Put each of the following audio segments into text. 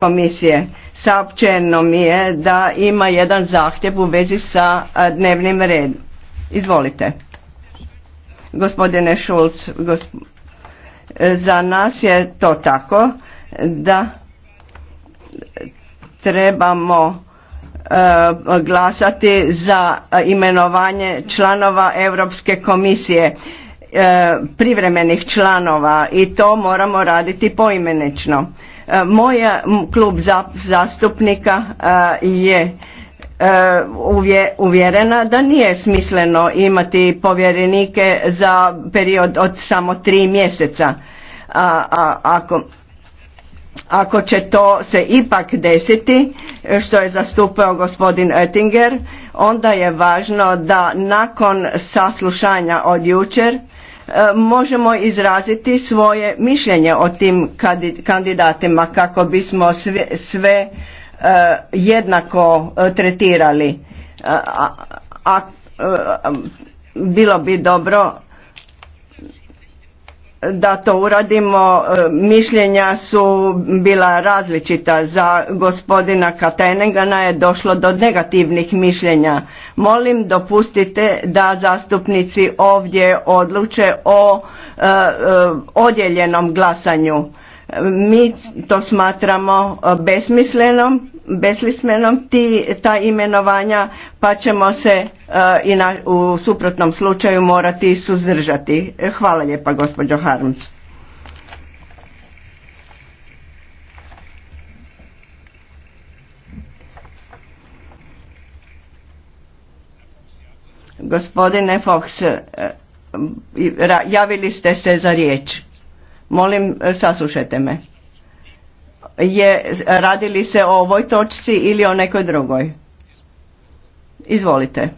komisije saopćeno mi je da ima jedan zahtjev u vezi sa dnevnim redom. Izvolite. Gospodine Šulc, e, za nas je to tako da trebamo e, glasati za imenovanje članova Europske komisije e, privremenih članova i to moramo raditi poimenično E, moja klub zastupnika e, je e, uvjerena da nije smisleno imati povjerenike za period od samo tri mjeseca. ako, ako će to se ipak desiti, što je zastupao gospodin Oettinger, onda je važno da nakon saslušanja od jučer E, možemo izraziti svoje mišljenje o tim kandidatima kako bismo sve, e, jednako e, tretirali. a bilo bi dobro da to uradimo. E, mišljenja su bila različita. Za gospodina Katenegana je došlo do negativnih mišljenja. Molim dopustite da zastupnici ovdje odluče o e, e, odjeljenom glasanju. Mi to smatramo e, besmislenom, besmislenom ti, ta imenovanja pa ćemo se e, i na, u suprotnom slučaju morati suzdržati. E, hvala lijepa gospođo Harms. Gospodine Fox, javili ste se za riječ. Molim, saslušajte me. Je, radili se o ovoj točci ili o nekoj drugoj? Izvolite.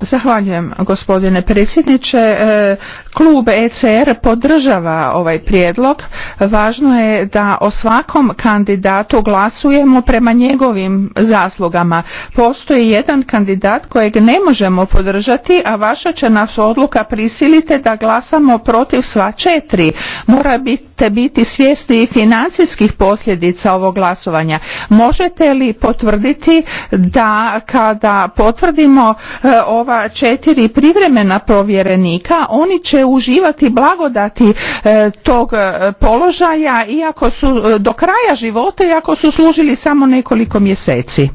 Zahvaljujem gospodine predsjedniče. E, klub ECR podržava ovaj prijedlog. Važno je da o svakom kandidatu glasujemo prema njegovim zaslugama. Postoji jedan kandidat kojeg ne možemo podržati, a vaša će nas odluka prisilite da glasamo protiv sva četiri. Mora biti te biti svjesni i financijskih posljedica ovog glasovanja. Možete li potvrditi da kada potvrdimo e, ova četiri privremena povjerenika, oni će uživati blagodati e, tog e, položaja iako su do kraja života iako su služili samo nekoliko mjeseci?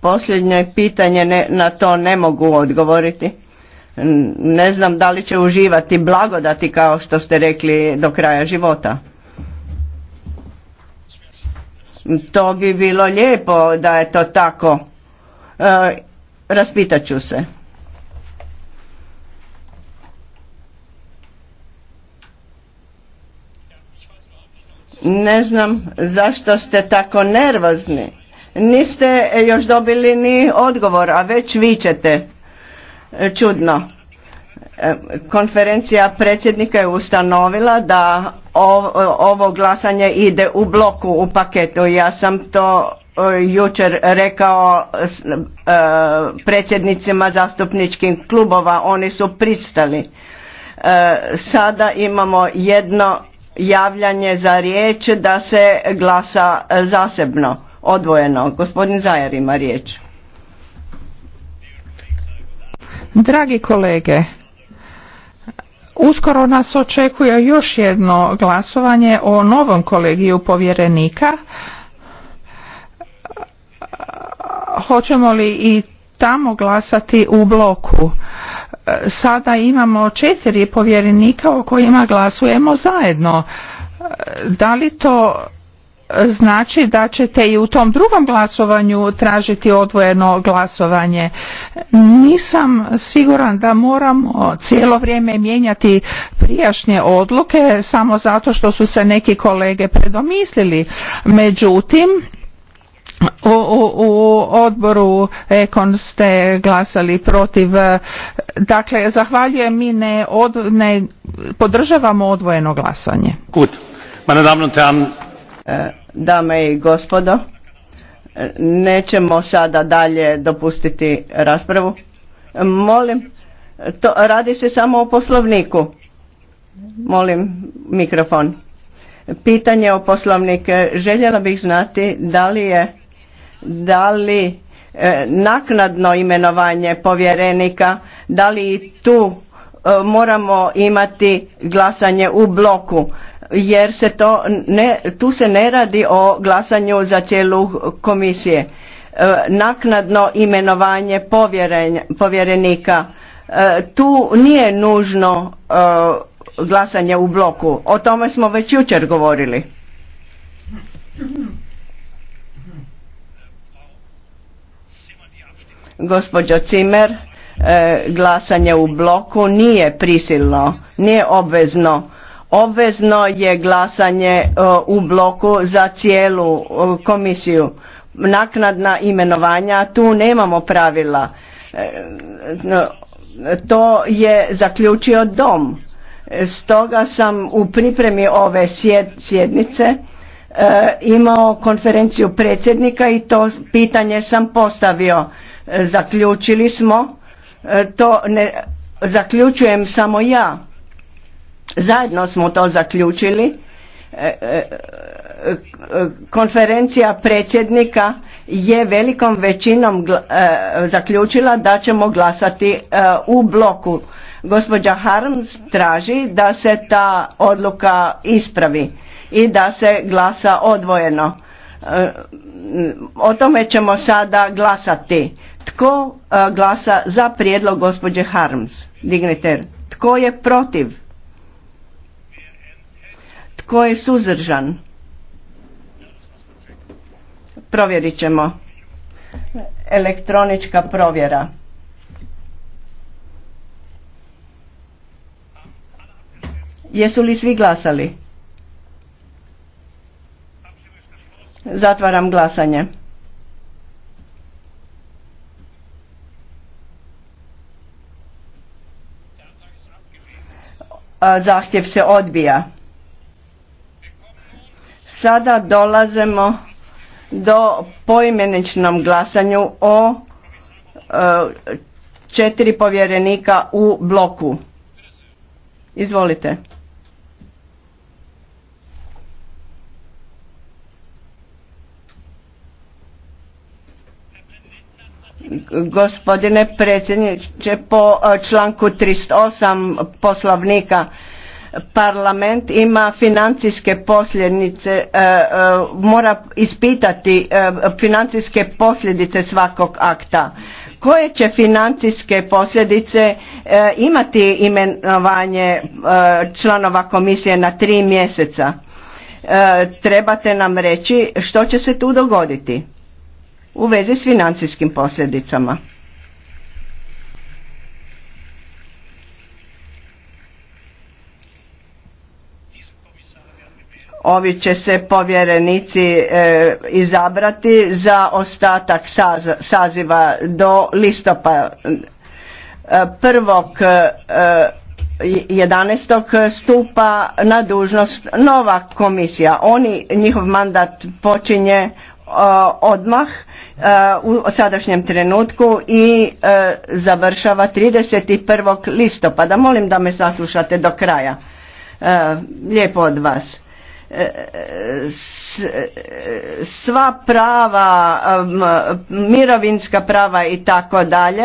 Posljednje pitanje ne, na to ne mogu odgovoriti. Ne znam da li će uživati blagodati kao što ste rekli do kraja života. To bi bilo lijepo da je to tako. E, ću se. Ne znam zašto ste tako nervozni. Niste još dobili ni odgovor, a već vičete. E, čudno. E, konferencija predsjednika je ustanovila da ovo glasanje ide u bloku, u paketu. Ja sam to e, jučer rekao predsjednicima zastupničkih klubova, oni su pristali. Sada imamo jedno javljanje za riječ da se glasa e, zasebno, odvojeno. Gospodin Zajer ima riječ. Dragi kolege, uskoro nas očekuje još jedno glasovanje o novom kolegiju povjerenika. Hoćemo li i tamo glasati u bloku? sada imamo četiri povjerenika o kojima glasujemo zajedno. Da li to znači da ćete i u tom drugom glasovanju tražiti odvojeno glasovanje. Nisam siguran da moramo cijelo vrijeme mijenjati prijašnje odluke samo zato što su se neki kolege predomislili. Međutim, u, odboru Ekon ste glasali protiv. E, dakle, zahvaljujem, mi ne, ne podržavamo odvojeno glasanje. Gut. Meine e, Dame i gospodo, e, nećemo sada dalje dopustiti raspravu. Molim, to radi se samo o poslovniku. Molim mikrofon. Pitanje o poslovniku. Željela bih znati da li je da li e, naknadno imenovanje povjerenika, da li i tu e, moramo imati glasanje u bloku jer se to ne, tu se ne radi o glasanju za cijelu komisije. E, naknadno imenovanje povjerenika, tu nije nužno glasanje u bloku. O tome smo već jučer govorili. Gospođo Cimer, e, glasanje u bloku nije prisilno, nije obvezno. Obvezno je glasanje e, u bloku za cijelu e, komisiju. Naknadna imenovanja, tu nemamo pravila. To je zaključio dom. Stoga sam u pripremi ove sjednice imao konferenciju predsjednika i to pitanje sam postavio zaključili smo, e, to ne zaključujem samo ja, zajedno smo to zaključili, e, e, konferencija predsjednika je velikom većinom zaključila da ćemo glasati u bloku. Gospođa Harms traži da se ta odluka ispravi i da se glasa odvojeno. O tome ćemo sada glasati. Tko e, glasa za prijedlog gospođe Harms? Digniter. Tko je protiv? Tko je suzdržan? Provjerit ćemo. Elektronička provjera. Jesu li svi glasali? Zatvaram glasanje. zahtjev se odbija. Sada dolazimo do poimeničnom glasanju o e, četiri povjerenika u bloku. Izvolite. Gospodine predsjedniče, po e, članku 308 poslovnika parlament ima financijske posljedice, e, e, mora ispitati financijske posljedice svakog akta. Koje će financijske posljedice imati imenovanje članova komisije na tri mjeseca? Trebate nam reći što će se tu dogoditi u vezi s financijskim posljedicama. Ovi će se povjerenici e, izabrati za ostatak saziva do listopada. 1. E, 11. E, stupa na dužnost nova komisija. Oni, njihov mandat počinje odmah Eh, u sadašnjem trenutku i eh, završava 31. listopada. Molim da me saslušate do kraja. Eh, lijepo od vas. Sva prava, mirovinska prava i tako dalje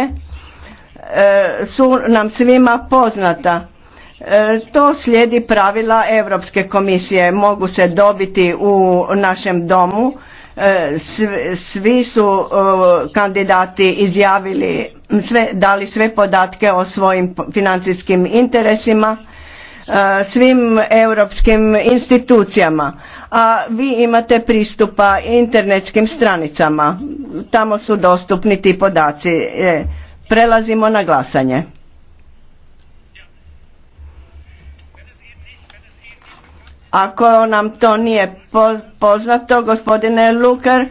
su nam svima poznata. To slijedi pravila Europske komisije, mogu se dobiti u našem domu E, svi su kandidati izjavili sve, dali sve podatke o svojim financijskim interesima e, svim europskim institucijama a vi imate pristupa internetskim stranicama tamo su dostupni ti podaci e, prelazimo na glasanje Ako nam to nije poznato, gospodine Luker, e,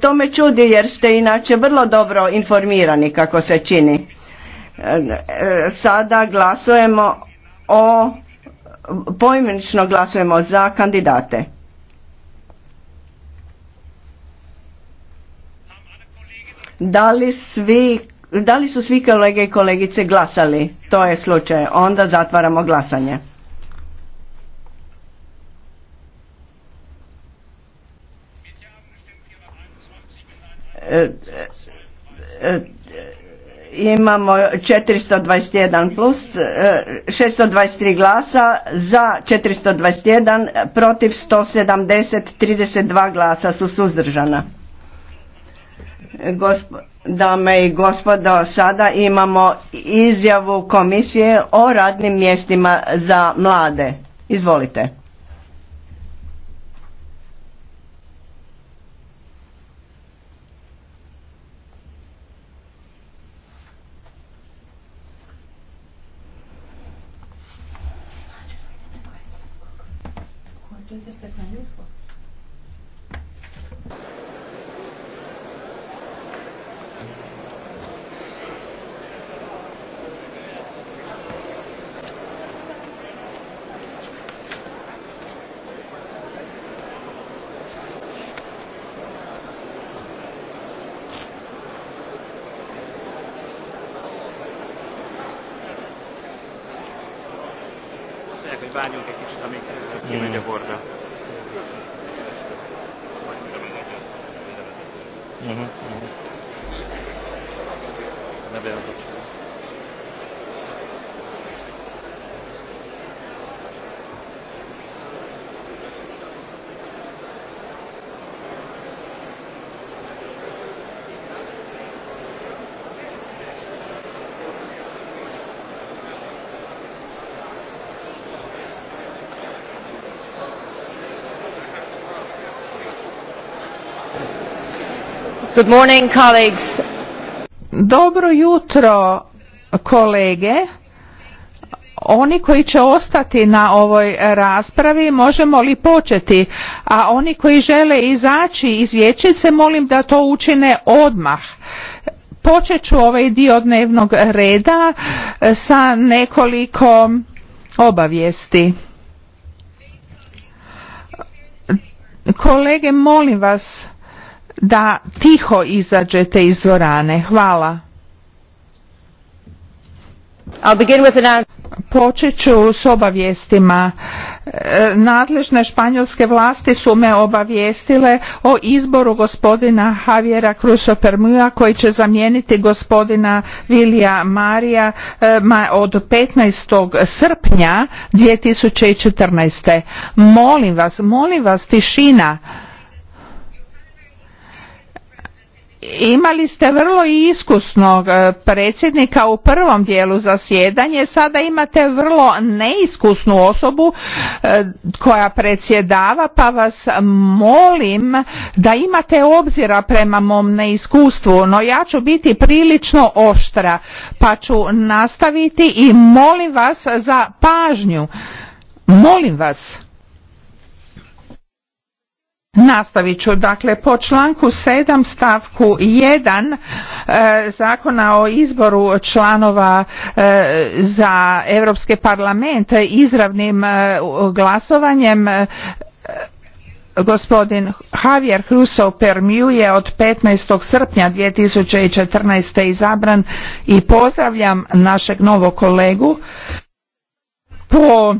to me čudi jer ste inače vrlo dobro informirani kako se čini. E, e, sada glasujemo o, pojmenično glasujemo za kandidate. Da li, svi, da li su svi kolege i kolegice glasali? To je slučaj. Onda zatvaramo glasanje. imamo 421 plus 623 e, glasa za 421 protiv 170 32 glasa su suzdržana dame i gospodo sada imamo izjavu komisije o radnim mjestima za mlade izvolite várjunk egy kicsit, amíg kimegy hmm. a borda. Uh-huh, uh-huh. Ne Good morning, colleagues. Dobro jutro, kolege. Oni koji će ostati na ovoj raspravi, možemo li početi? A oni koji žele izaći iz vječice, molim da to učine odmah. Počet ću ovaj dio dnevnog reda e, sa nekoliko obavijesti. Kolege, molim vas, da tiho izađete iz dvorane. Hvala. begin Počet ću s obavijestima. E, nadležne španjolske vlasti su me obavijestile o izboru gospodina Javiera Cruso Permuja koji će zamijeniti gospodina Vilija Marija e, od 15. srpnja 2014. Molim vas, molim vas, tišina Imali ste vrlo iskusnog e, predsjednika u prvom dijelu zasjedanja, sada imate vrlo neiskusnu osobu e, koja predsjedava, pa vas molim da imate obzira prema mom neiskustvu, no ja ću biti prilično oštra, pa ću nastaviti i molim vas za pažnju. Molim vas. Nastavit ću. Dakle, po članku 7 stavku 1 e, zakona o izboru članova e, za Europske parlamente izravnim e, glasovanjem Gospodin Javier Hruso Permiu je od 15. srpnja 2014. izabran i pozdravljam našeg novog kolegu po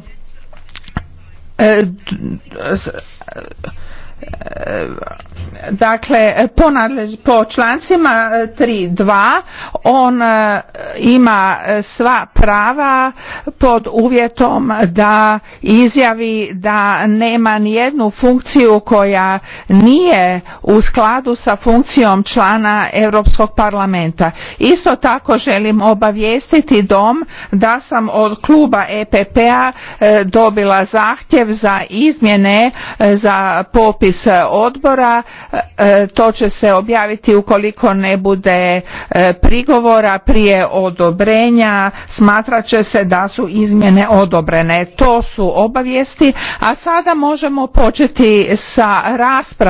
dakle po, nadlež, po člancima 3.2 e, on e, ima e, sva prava pod uvjetom da izjavi da nema nijednu funkciju koja nije u skladu sa funkcijom člana Europskog parlamenta. Isto tako želim obavijestiti dom da sam od kluba EPP-a dobila zahtjev za izmjene za popis s odbora. E, to će se objaviti ukoliko ne bude e, prigovora prije odobrenja. Smatrat će se da su izmjene odobrene. To su obavijesti, a sada možemo početi sa raspravom